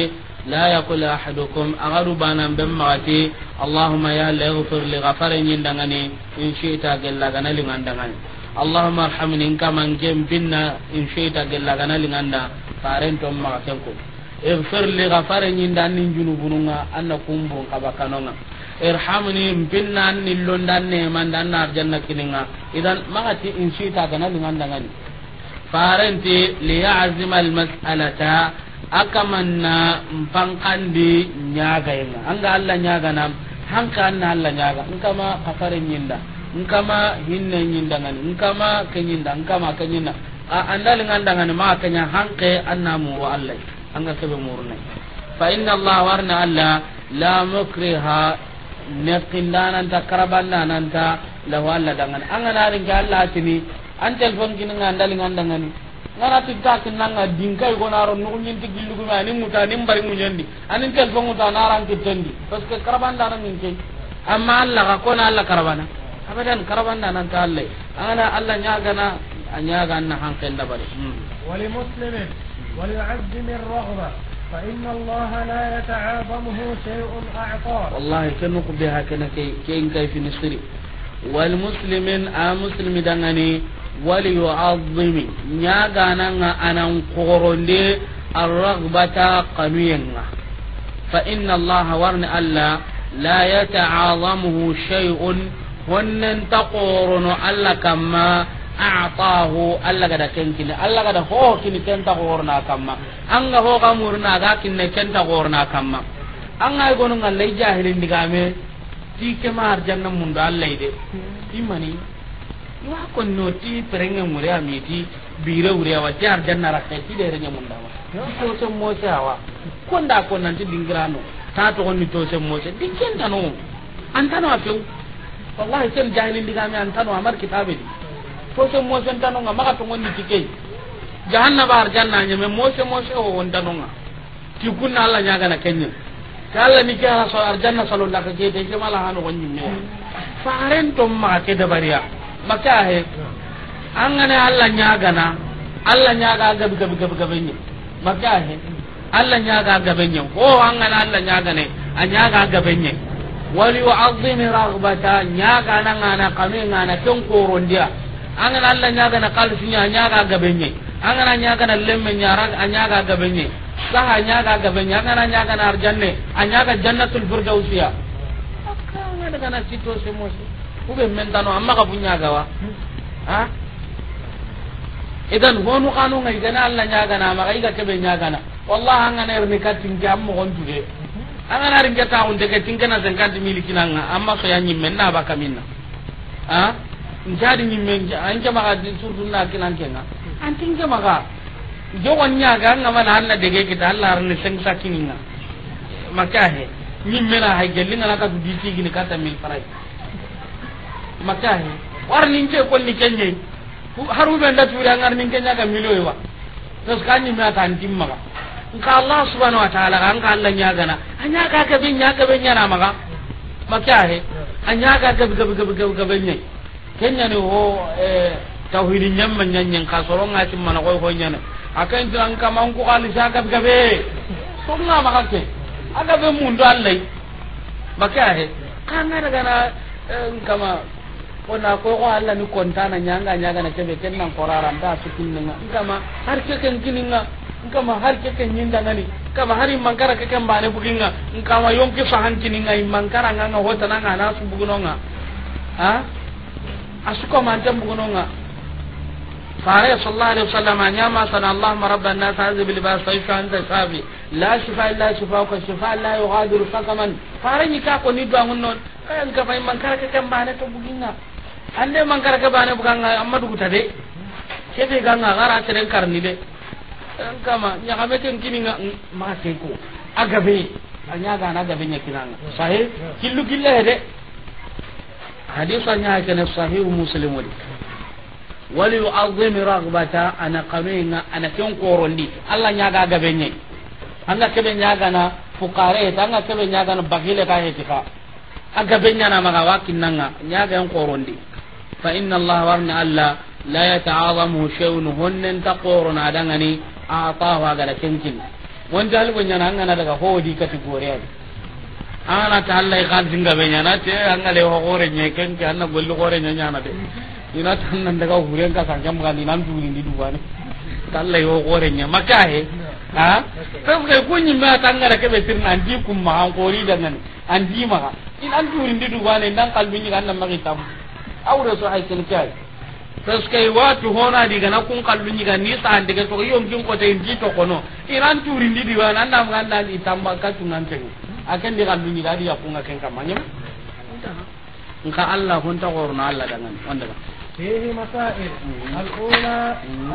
[SPEAKER 2] la yaqul ahadukum agaru banan ben magati allahumma ya la yaghfir li ghafarin in shi'ta gella gana lingandangani allahumma arhamni in kaman gem binna in shi'ta gella gana linganda faren to magaten ko اغفر لي غفر نيندا نين جنوبونغا انا كومبون كاباكانونغا ارحمني مبنا ان لوندان نيمان دان نار جنة كينغا اذا ما غتي ان شئت انا لوندان فارنتي ليعزم المسألة akamanna mpankandi yenga anga nyaga nam hanka anna alla nyaga nkama kafare nyinda nkama hinne ngani nkama kenyinda ñinda nkama ke ñinda a ngani maa kenya hanke anna muru alla anga sebe murne fa inna allah warna alla la mukriha nekindananta karabandananta lahu allah dangani anganarinke allah atini an telefon kininga andalinga ndangani nanga ngana ko kinanga no gonaro ti tigillu ko ani muta mbari mu nyandi ani telefon muta naran tendi parce que karaban dana minke amma Allah ka na Allah karabana abadan karaban dana ta Allah ana Allah nyaga na anyaga na hanken da bari
[SPEAKER 1] wali muslimin wali abd min raghba fa inna Allah la yata'abahu shay'un a'ta
[SPEAKER 2] wallahi kanu biha kana kay kai fi nisri wal muslimin a muslimi dangani wali gana nga anan kogoronde arragbata kanuyenga fa inna allaha warni allah la yata'azamuhu shay'un honnen taqorono alla kamma a'tahu alla gada kenkini alla gada ho kini kenta gorna kamma anga ho gamurna ga kinne kenta gorna kamma anga gonu ngalle jahilin digame ti kemar janna mundo allah ide imani kon iwa konnoti perenge muri amiti bire wuri awa ti arjanna rakka ti dere nya munda wa ko to mo awa ko nda ko nan ti dingirano ta to konni to se mo se dikken tanu antano afeu wallahi sen jahilin diga mi antano amar kitabe di to se mo se tanu nga maka to ngonni tike jahanna ba arjanna nya me mo se mo se o wontanu nga ti kunna alla nya gana kenya kala ni kala so arjanna sallallahu alaihi wa sallam ke de mala hanu gonni me faren to ma ke da bariya makahe an gane Allah ya gana Allah ya ga gabi gabi gabi gabi ne makahe Allah ya ga gabi ne ko an gane Allah ya gane an ya ga gabi ne wali yu'azzimi raghbata nya gana ngana kame ngana koron dia an gane Allah nya gana kalfi ya ya ga gabi ne an gane ya gana lemme ya ra an ya ga gabi ne saha ya ga gabi ne an gane nya gana arjanne an ya ga jannatul firdausiya aka kana sito semosi ku be amma ka bunya gawa ha idan honu kanu ngai gana Allah nya gana ma kai ga kebe nya na wallahi an ganar ni ka tinga amma gon tuge an ganar ni ta hunde ka tinga na zan kan miliki nan amma so yanyi men na ba kaminna ha njadi ni men an ke maka din surdun na kinan kenga an tinga maka jogon ga an ma na Allah ge kita Allah arne seng sakininga makahe ni mena hay gelinga na ka di tigi ni kata mil parai makahi warnin ke ni kenye haru ben da tura ngar nin kenya ga milo wa to ni ma kan timma ga nka allah subhanahu wa ta'ala kan ka allah nya gana anya ka ka bin nya ka bin nya na maga makahi anya ka ka ga ga ga ga nya kenya ne ho eh tauhidin nyamma nyanyen ka nga timma na ko ko nya akan jiran kaman ku kali sakab be so nga ke aga be mun do allai maka he kan daga na eh, kama kona ko ko Allah ni na nyanga nyanga na kebe nan koraran da su kinninga kama har ke ken kininga kama har ke ken nyinda ngani kama hari mangara ke ken bane buginga ngama yonki sahan kininga mangkara nga hota nanga na su bugunonga ha asuka mantam bugunonga fare sallallahu alaihi wasallam anyama sana allahumma rabban nas hazi bil sai fa anta shafi la shifa illa ka shifa la yughadiru sakaman fare ni ka ko ni do ngon non kan ka fay mangara ke ken bane to buginga ande man ke bane bukan amma ta de be ganga gara teren karni de kama nyaka meten kini nga ma ko agabe anya ga na gabe kinanga sahih killu de. hede hadisa nya kana sahih muslim wali wali yu'azzim raghbata ana qaminga ana ken korondi allah nya ga gabe nyai ke kebe nya ga na fuqare tanga kebe nya ga na bagile ka heti ka agabe nya na ma maga wakinnanga nya ga en korondi fa inna allah warna alla la yata'azamu shay'un hunnan taqurun adangani atahu agala kenkin wonde algo nyana angana daga hodi kati goriyani ana ta allah ka dinga be nyana te angale ho gore nye kenki anna golli gore nya nyana de ina tan nan daga huren ka kan jamga ni nan duri ni duwane ta allah ho gore nya maka he ha tas ga kunyi ma tangara ke be sirna an gori da nan andi ma in an duri ni duwane nan kalbi ni kan nan magi tamu aure so hay ken kai parce que watu hona diga na kun kallu nyiga ni sa ande ke to yom kin ko te ndi to kono iran turi diwa di wana na nganda di tamba ka nan tegu akan diga kallu nyiga di ya kun akan kamanya nka Allah hon ta gorna Allah dangan wanda
[SPEAKER 1] فيه مسائل الأولى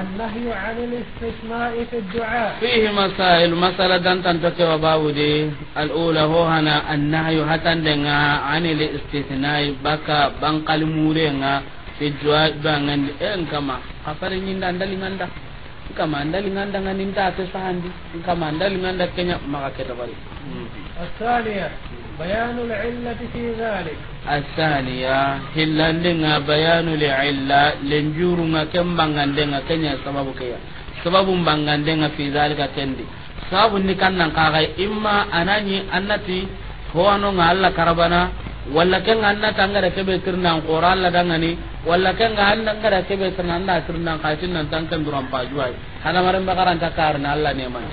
[SPEAKER 1] النهي عن الاستثناء في الدعاء فيه
[SPEAKER 2] مسائل مسألة دانتان تكوى باودي الأولى هو هنا النهي هتان دنها عن الاستثناء بكا بانقل مورينا في الدعاء بانغن إن كما أفرين يندا اندالي ناندا كما اندالي ناندا ناندا تسهاندي كما اندالي ناندا كنيا مغاكي تبالي
[SPEAKER 1] الثانية بيان العلة في ذلك
[SPEAKER 2] الثانية لنا بيان لنجور ما كم بانغاندنا كنيا سبب كيا سبب بانغاندنا في ذلك كندي سبب نكنا كاغي إما أناني أنتي هو أنو الله كربنا ولا ken ga تانغرا tangara كرنا tirna qora alla dangani walla ken ga anna ngara kebe tirna anna تانكن درام باجواي هذا مريم بكران تكارنا الله bakaran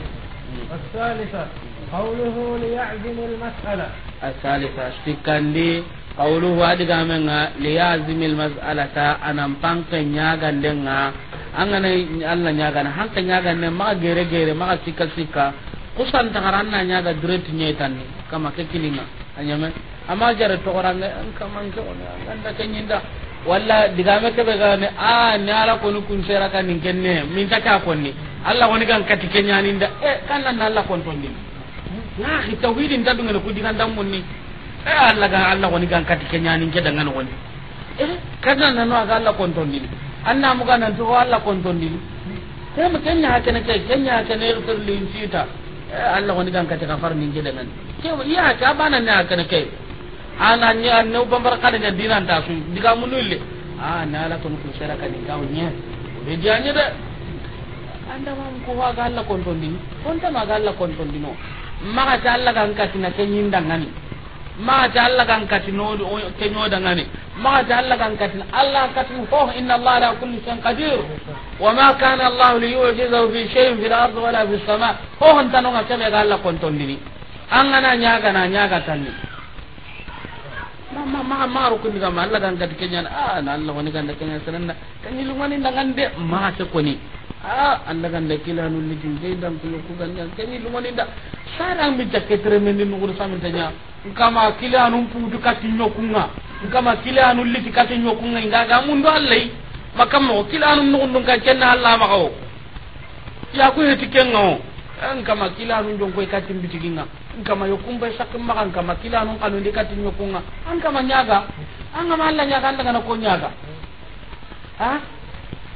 [SPEAKER 1] الثالثة قوله ليعزم المسألة
[SPEAKER 2] الثالثة اشتكان لي wa diga qawluhu adigamen liyazimi almas'alata anan panke nyaaganden ga angana allah nyaagana hanke gane maga gere gere maga sikka sikka kusan na tagara anna nyaaga direct nyetanni kama ke kilinga anyame amma jare togorange kamanke anda kenyinda walla digame kebe gane a ni ala koni kun sera ka nin ne min ta ka konni alla koni kan kati kenya ninda e kan nan alla kon tonni na hi tawhidin ta dungene ku digan dam munni eh Allah ga Allah woni gan kati ke nin ke dangan woni eh kada nan no ga Allah konton ni anna mu ga nan to Allah konton ni te mu ken nyaa ken ke nyaa ken er irfir lin sita eh Allah woni gan kati far nin ke dangan ke ya ka bana ne ken ke ana ni an no bambar kada ga dinan ta su diga mun nulle ah na ala kon ku ka kan ga wonya be janye da anda mam ko wa ga Allah konton ni konta ma ga Allah konton ni no maka ta Allah gan kati na kenyin dangani ma ta allah kan kati no da ngani ma ta allah kan kati allah kati fof oh, inna allah la kulli shay'in qadir wa ma kana Allah li yu'jiza fi shay'in fil ardi wala fis l ard han fi lsama hohontanoga keɓega allah kon ton dini an nya nya ga ga na tan ni ma ma ma ru kun ga ma allah kan kati kenya a ah, na allah woni kan ah, kan kenya ni lumani senenda kañilumanidangan de ma maase koni a kilanu ganda kilanullitin ke dan ku ku kan ni lumani da sarang mi jakke tremendi nugur samintanya nkama kile anu putu kati nyokunga nkama kile anu liti kati nyokunga ingaga mundo allai makam mo kile anu nugundun kan kenna alla makawo ya ku heti kengo eh, nkama kile anu jonko kati mbitiginga nkama yokumba sakim maka nkama kile anu kanu ndi kati nyokunga ankama nyaga angama alla nyaga anda kana ko nyaga ha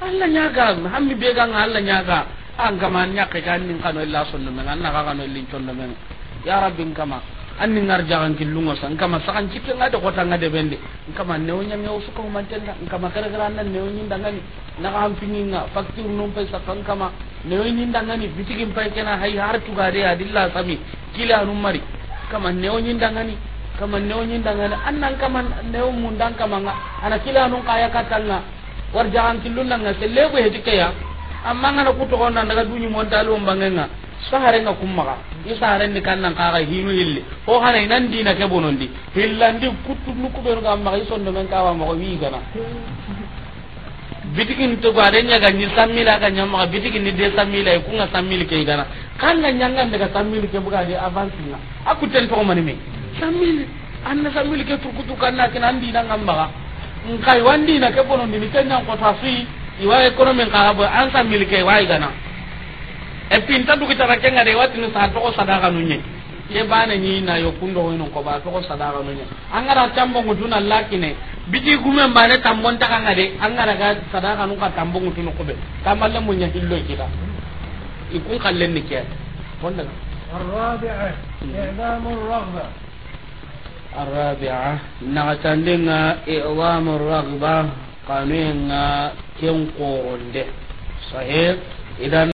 [SPEAKER 2] alla nyaga hammi bega nga alla nyaga angkamannya nyake kan nin kano illa sonno men anna ka kano illin men ya rabbi kama anni ngarjagan killungo san kama sakan cikke ngade kota ngade bende kama neonya nyame o suko mantenda kama kare kare nan newo nyinda ngani na ka hamfingi nga faktur num pe sakan kama newo nyinda ngani bitigin pe kena hay har gare adilla sami kila numari kama newo nyinda kama newo nyinda ngani annan kama newo mundan kama nga ana kila nun kaya katanga warjagan killunna nga selebu hedike kaya amma ngana ku to nan daga dunyi mon dalu mbangenga sahare nga kummaga isare ni kan kannan kaga hinu hille ho hana inan dina ke bonondi hillandi kuttu nuku be nga amma ison do men kawa mako wi gana bitikin to gade nya ga ni samila ga nya ma bitikin ni de samila ku nga samil ke gana kan nga nya ngan daga samil ke buga di avance na aku ten to mani me samil anna samil ke turkutu kanna kinandi na ngamba ngai wandi na ke bonondi ni kenya ko tafi iwa ekonomi ka habo an sa milike iwa igana e eh, pin ta dugu tara kenga de wati ni sa to ko sadaka nunye ye bana ni na yo kundo hono ko ba to ko sadaka nunye an gara tambo nguduna lakine biji gume mane tambon ta kanga de an gara ga sadaka nun ka tambo nguduna ko be kamalle munya hillo kita ikun kallen ni ke wanda
[SPEAKER 1] الرابعة إعظام الرغبة
[SPEAKER 2] الرابعة نغتندنا إعظام الرغبة
[SPEAKER 1] kanunga ken koronde sahih idan